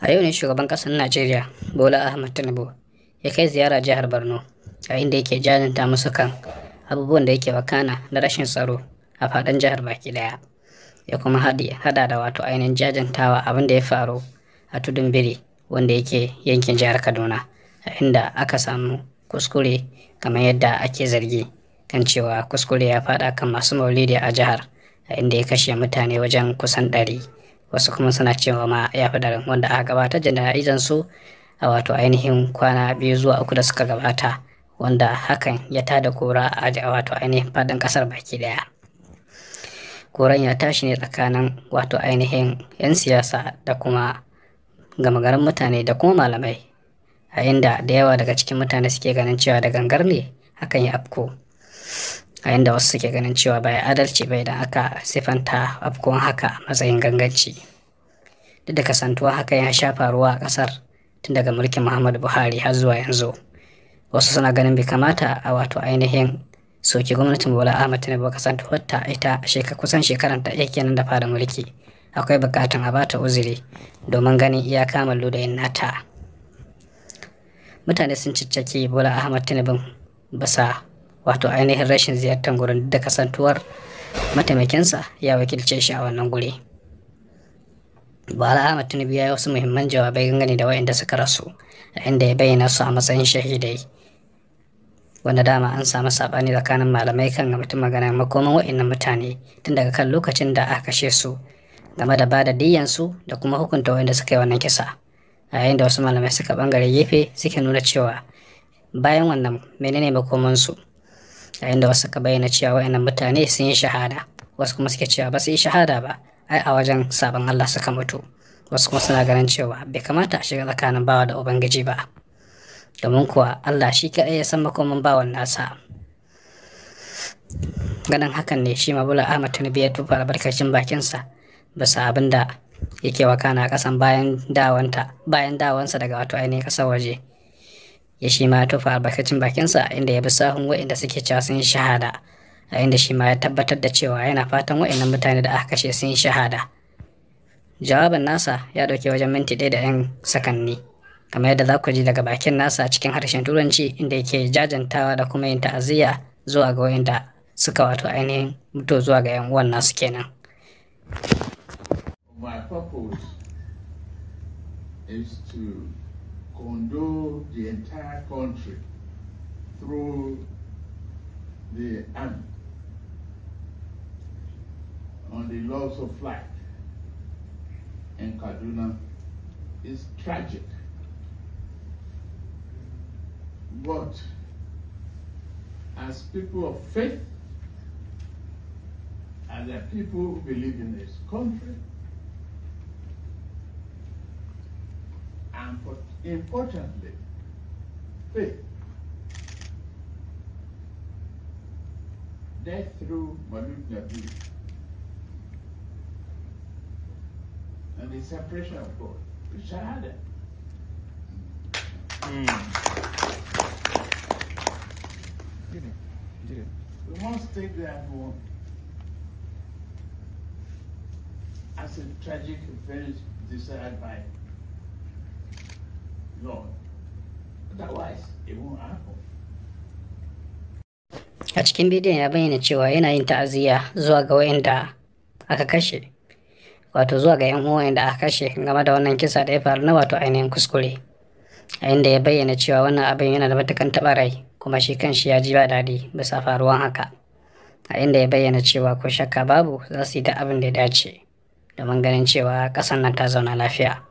a yau ne shugaban ƙasar najeriya bola ahmad tinubu ya kai ziyara jihar borno a inda yake jajanta musu kan abubuwan da yake wakana na rashin tsaro a faɗin jihar baki ɗaya, ya kuma hada da wato ainihin jajantawa abin da ya faru a tudun biri wanda yake yankin jihar kaduna a inda aka samu kuskure kamar yadda ake zargi kan cewa kuskure ya faɗa kan masu maulidi a jihar a inda ya kashe mutane wajen kusan ɗari wasu kuma suna cewa ma ya fi daren wanda aka gabatar jana'izan su a wato ainihin kwana biyu zuwa uku da suka gabata wanda hakan ya tada kora a wato ainihin fadin kasar baki ɗaya. koran ya tashi ne tsakanin wato ainihin 'yan siyasa da kuma gama garin mutane da kuma malamai a inda da yawa daga cikin mutane suke ganin cewa da gangar ne hakan ya afko a yadda wasu suke ganin cewa bai adalci bai da aka sifanta afkuwan haka matsayin ganganci duk da kasantuwa haka ya sha faruwa a kasar tun daga mulkin muhammadu buhari har zuwa yanzu wasu suna ganin bai kamata a wato ainihin soki gwamnatin bola ahmad tinubu kasantuwar ta ita kusan shekaran ta iya kenan da fara mulki akwai bukatan a bata uzuri domin ganin iyaka mallu da nata mutane sun cicciki bola ahmad tinubu basa wato ainihin rashin ziyartar gurin da kasantuwar mataimakinsa ya wakilce shi a wannan guri bala ahmad tinubu ya yi wasu muhimman jawabai gangane da wayanda suka rasu a inda ya bayyana su a matsayin shahidai wanda dama an samu saɓani tsakanin malamai kan ga mutum magana makoman wa'annan mutane tun daga kan lokacin da aka kashe su game da bada diyyansu da kuma hukunta wayanda suka yi wannan kisa a yayin da wasu malamai suka bangare gefe suke nuna cewa bayan wannan menene makomansu yayin da wasu ka bayyana cewa wayannan mutane sun yi shahada wasu kuma suke cewa ba su yi shahada ba ai a wajen sabon Allah suka mutu wasu kuma suna ganin cewa bai kamata a shiga tsakanin bawa da ubangiji ba domin kuwa Allah shi kaɗai ya san makomin bawan nasa ganin hakan ne shi mabula Ahmad Tinubu ya tufa albarkacin bakinsa bisa abin da yake wakana a kasan bayan dawansa daga wato ainihin ƙasar waje ya shi ma tufa albarkacin bakinsa inda ya bi sahun wa'inda suke cewa sun shahada a inda shi ma ya tabbatar da cewa yana fatan wa'innan mutane da aka kashe sun shahada jawabin nasa ya dauke wajen minti ɗaya da 'yan sakanni kamar yadda za ku ji daga bakin nasa cikin harshen turanci inda yake jajantawa da kuma yin ta'aziyya zuwa ga wa'inda suka wato ainihin mutu zuwa ga 'yan uwan nasu kenan My condole the entire country through the army on the loss of life in Kaduna is tragic. But as people of faith, as the people who believe in this country, and Importantly, faith, death through Maulud Nabi, and the separation of God, the Shahada. Mm. Did it. Did it. We must take that one as a tragic event desired by A cikin bidiyon ya bayyana cewa yana yin ta'aziyya zuwa ga wayanda aka kashe, wato zuwa ga 'yan uwa da aka kashe game da wannan kisa da ya faru na wato ainihin kuskure. a inda ya bayyana cewa wannan abin yana da matukan taɓa rai kuma shi kan shi ya ji ba daɗi bisa faruwan haka a inda ya bayyana cewa ko shakka babu za su yi da abin da ya dace domin ganin cewa ƙasar nan ta zauna lafiya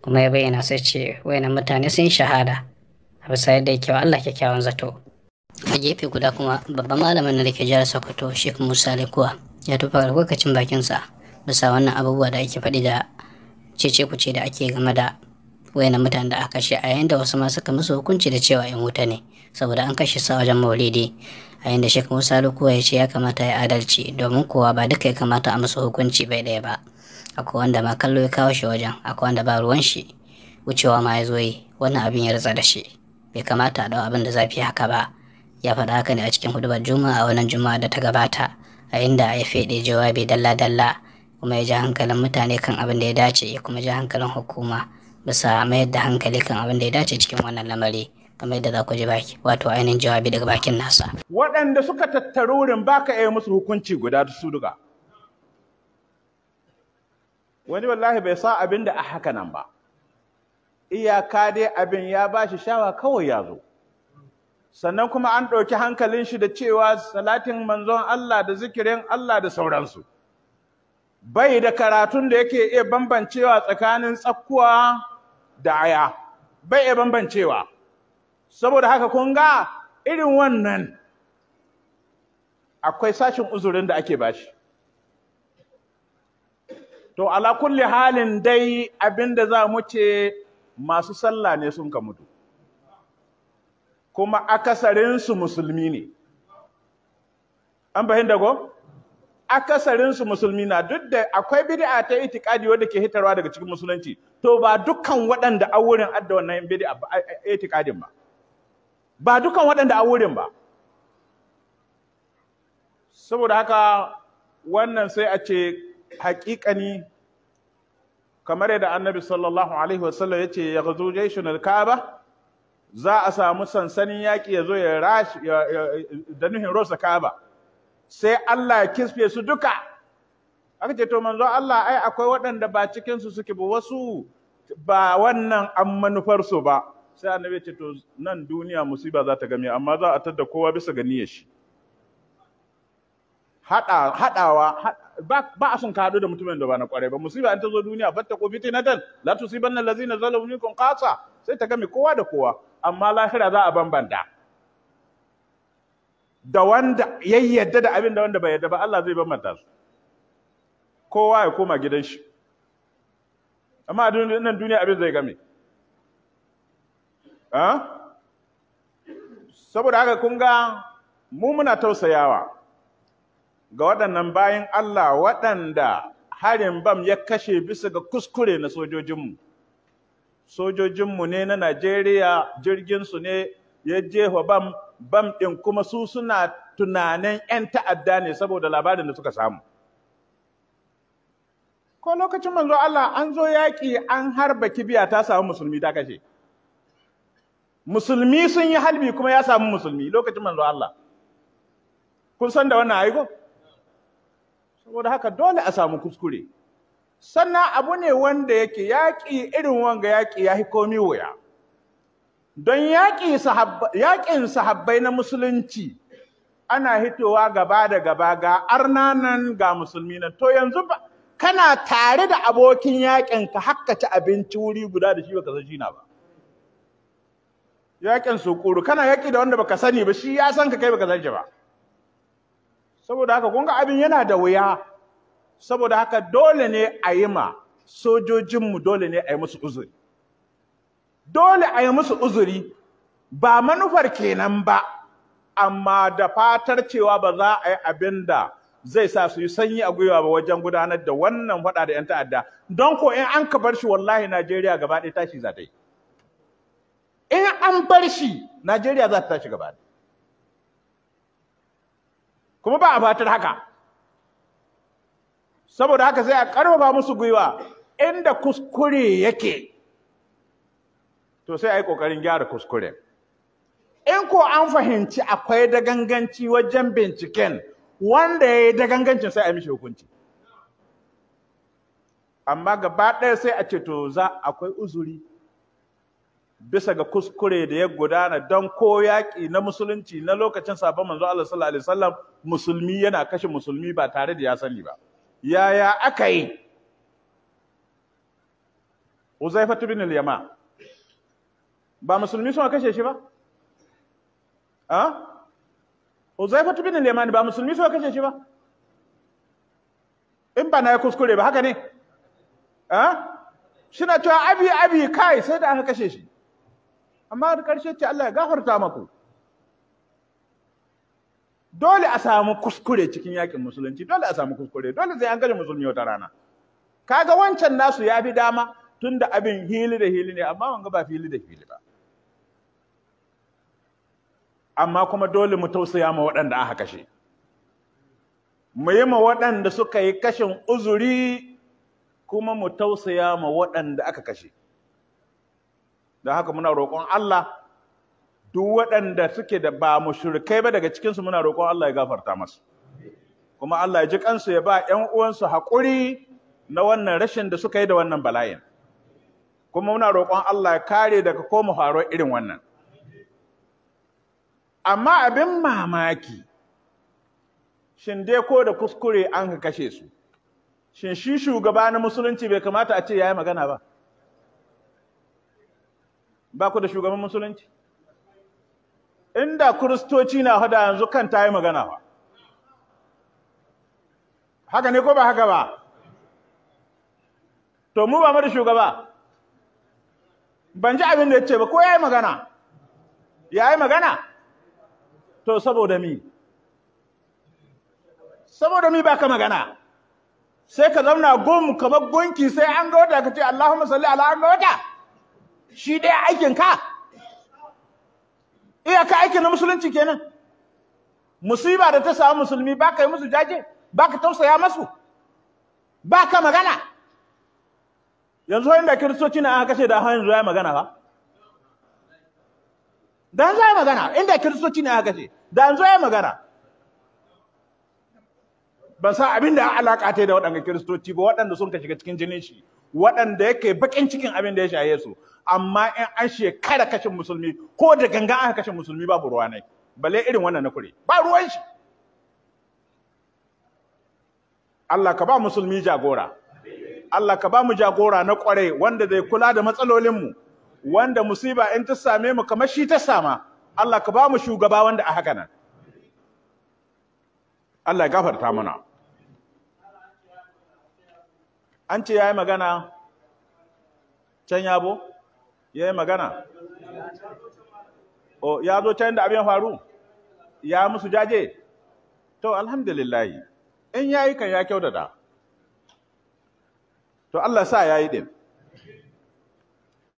kuma ya bayyana sai ce wayannan mutane sun shahada a bisa yadda yake wa Allah kyakkyawan zato a gefe guda kuma babban malamin da ke jihar Sokoto Sheikh Musa Lekuwa ya tufa bakin sa bisa wannan abubuwa da ake faɗi da cece ce da ake game da wayannan mutane da aka kashe a yayin da wasu ma suka musu hukunci da cewa ƴan wuta ne saboda an kashe su a wajen maulidi a yayin da Sheikh Musa Lekuwa ya ce ya kamata ya adalci domin kowa ba duka ya kamata a musu hukunci bai ɗaya ba. akwai wanda ma kallo ya kawo shi wajen akwai wanda ba ruwan shi wucewa ma ya zo yi wannan abin ya rasa da shi bai kamata a dau abin da zafi haka ba ya faɗa haka ne a cikin hudubar juma'a a wannan juma'a da ta gabata a inda ya feɗe jawabi dalla-dalla kuma ya ji hankalin mutane kan abin da ya dace ya kuma ji hankalin hukuma bisa mayar da hankali kan abin da ya dace cikin wannan lamari kamar yadda za ku ji baki wato ainihin jawabi daga bakin nasa waɗanda suka wurin baka iya musu hukunci guda su duka wani wallahi bai sa abin da a haka nan ba iyaka dai abin ya ba shi shawa kawai ya zo sannan kuma an ɗauki hankalin shi da cewa salatin manzon Allah da zikirin Allah da sauransu bai da karatun da yake iya bambancewa tsakanin tsakkuwa da aya bai iya bambancewa saboda haka kun ga irin wannan akwai sashin uzurin da ake bashi to ala kulli halin dai abinda za mu ce masu sallah ne sun ka mutu kuma akasarinsu musulmi ne an fahimta ko akasarinsu musulmi na duk da akwai bid'a ta itikadi wanda ke hitarwa daga cikin musulunci to ba dukkan waɗanda a wurin adda wannan bid'a eh, eh, itikadin ba ba dukkan waɗanda a wurin ba saboda haka wannan sai a ce haƙiƙani kamar yadda annabi sallallahu alaihi wasallam ya ce ya gazo jaishun alkaba za a samu sansanin yaƙi ya zo ya rashi da nuhin rosa kaba sai Allah ya kisfe su duka aka ce to manzo Allah ai akwai waɗanda ba cikinsu suke ba wasu ba wannan an manufar su ba sai annabi ya ce to nan duniya musiba za ta gami. amma za a tadda kowa bisa ga niyyar shi haɗawa ba a son ka haɗu da mutumin da ba na ƙwarai ba musiba in ta zo duniya batta ko fitinatan la tusibanna allazina zalamu minkum qasa sai ta gami kowa da kowa amma lahira za a bambanta da wanda ya yadda da abin da wanda bai yadda ba Allah zai bambanta su kowa ya koma gidan shi amma a nan duniya abin zai game ah? saboda haka kun ga mu muna tausayawa ga waɗannan bayan Allah waɗanda harin bam ya kashe bisa ga kuskure na sojojinmu. Sojojinmu ne na Najeriya jirginsu ne ya jefa bam, bam ɗin kuma su suna tunanin 'yan ta'adda ne saboda labarin da suka samu. Ko lokacin manzo Allah an zo yaƙi an harba kibiya ta samu musulmi ta kashe. Musulmi sun yi halbi kuma ya samu musulmi lokacin manzo Allah. Kun san da wannan aiko? saboda haka dole a samu kuskure sannan abu ne wanda yake yaƙi irin wanga yaƙi ya komi wuya don yaƙin sahabbai na musulunci ana hitowa gaba da gaba ga arnanan ga musulmi na. to yanzu kana tare da abokin yaƙin ka haka ci abinci wuri guda da shi baka san shi na ba yaƙin sukuru kana yaƙi da wanda baka sani ba shi ya san ka kai baka san shi ba saboda haka kun abin yana da wuya saboda haka dole ne a yi ma sojojinmu dole ne a yi musu uzuri dole a yi musu uzuri ba manufar kenan ba amma da fatar cewa ba za a yi abin da zai sa su yi sanyi a gwiwa ba wajen gudanar da wannan faɗa da 'yan ta'adda don ko in an ka bar shi wallahi Najeriya gaba ɗaya tashi za ta yi in an bar shi Najeriya za ta tashi gaba ɗaya kuma ba a fatar haka saboda haka sai a ƙarfafa musu gwiwa inda kuskure yake to sai a yi ƙoƙarin gyara kuskure in ko an fahimci akwai daganganci wajen binciken wanda ya yi da gangancin sai a yi mishi hukunci amma gaba ɗaya sai a ce to za akwai uzuri bisa ga kuskure da ya gudana don ko yaƙi na musulunci na lokacin sabon manzo Allah sallallahu alaihi wasallam musulmi yana kashe musulmi ba tare da ya sani ba yaya aka yi Uzaifa bin al-Yama ba musulmi sun kashe shi ba a Uzaifa bin al yama ba musulmi sun kashe shi ba in ba na kuskure ba haka ne a na cewa abi abi kai sai da aka kashe shi amma da ƙarshe ce Allah ya gafarta maku dole a samu kuskure cikin yakin musulunci dole a samu kuskure dole sai an gane musulmi wata rana kaga wancan nasu ya fi dama tunda abin hili da hili ne amma wanga ba fili da fili ba amma kuma dole mu tausaya ma waɗanda aka kashe mu yi ma waɗanda suka yi kashin uzuri kuma mu tausaya ma waɗanda aka kashe Da haka muna roƙon Allah duk waɗanda suke da ba mushrikai ba daga cikinsu muna roƙon Allah ya gafarta masu kuma Allah ya ji kansu ya ba ƴan uwansu haƙuri na wannan rashin da suka yi da wannan bala'in kuma muna roƙon Allah ya kare daga koma faruwar irin wannan amma abin mamaki shin dai ko da kuskure an ka kashe su shin shi shugaba na musulunci bai kamata a ce ya yi magana ba ba ku da shugaban musulunci inda kristoci na hada yanzu kan ta yi magana ba haka ne ko ba haka ba to mu ba mu da shugaba ban ji abin da ya ce ba ko ya yi magana ya yi magana to saboda mi saboda mi ba ka magana sai ka zauna gum kamar gunki sai an ga wata ka ce Allahumma salli ala an ga wata shi dai aikin ka iya ka aikin na musulunci kenan musiba da ta samu musulmi ba ka yi musu jaje ba ka tausaya masu ba ka magana yanzu inda kiristoci na aka kashe da yanzu ya magana ba da yanzu ya magana inda kiristoci ne aka ce da yanzu ya magana ban san abin da alaƙa ta da waɗanda kiristoci ba waɗanda sun ka shiga cikin jinin shi waɗanda yake bakin cikin abin da ya shaye su amma in an shekara kashin musulmi ko da ganga aka kashe musulmi babu ruwa ne balle irin wannan na kure ba ruwan shi Allah ka ba musulmi jagora Allah ka ba mu jagora na kware wanda zai kula da matsalolin mu wanda musiba in ta same mu kamar shi ta sama Allah ka ba mu shugaba wanda a haka nan Allah ya gafarta mana an ce ya yi magana can yabo ya yi magana o ya zo can da abin faru ya musu jaje to alhamdulillahi in ya yi kan ya da to Allah sa ya yi din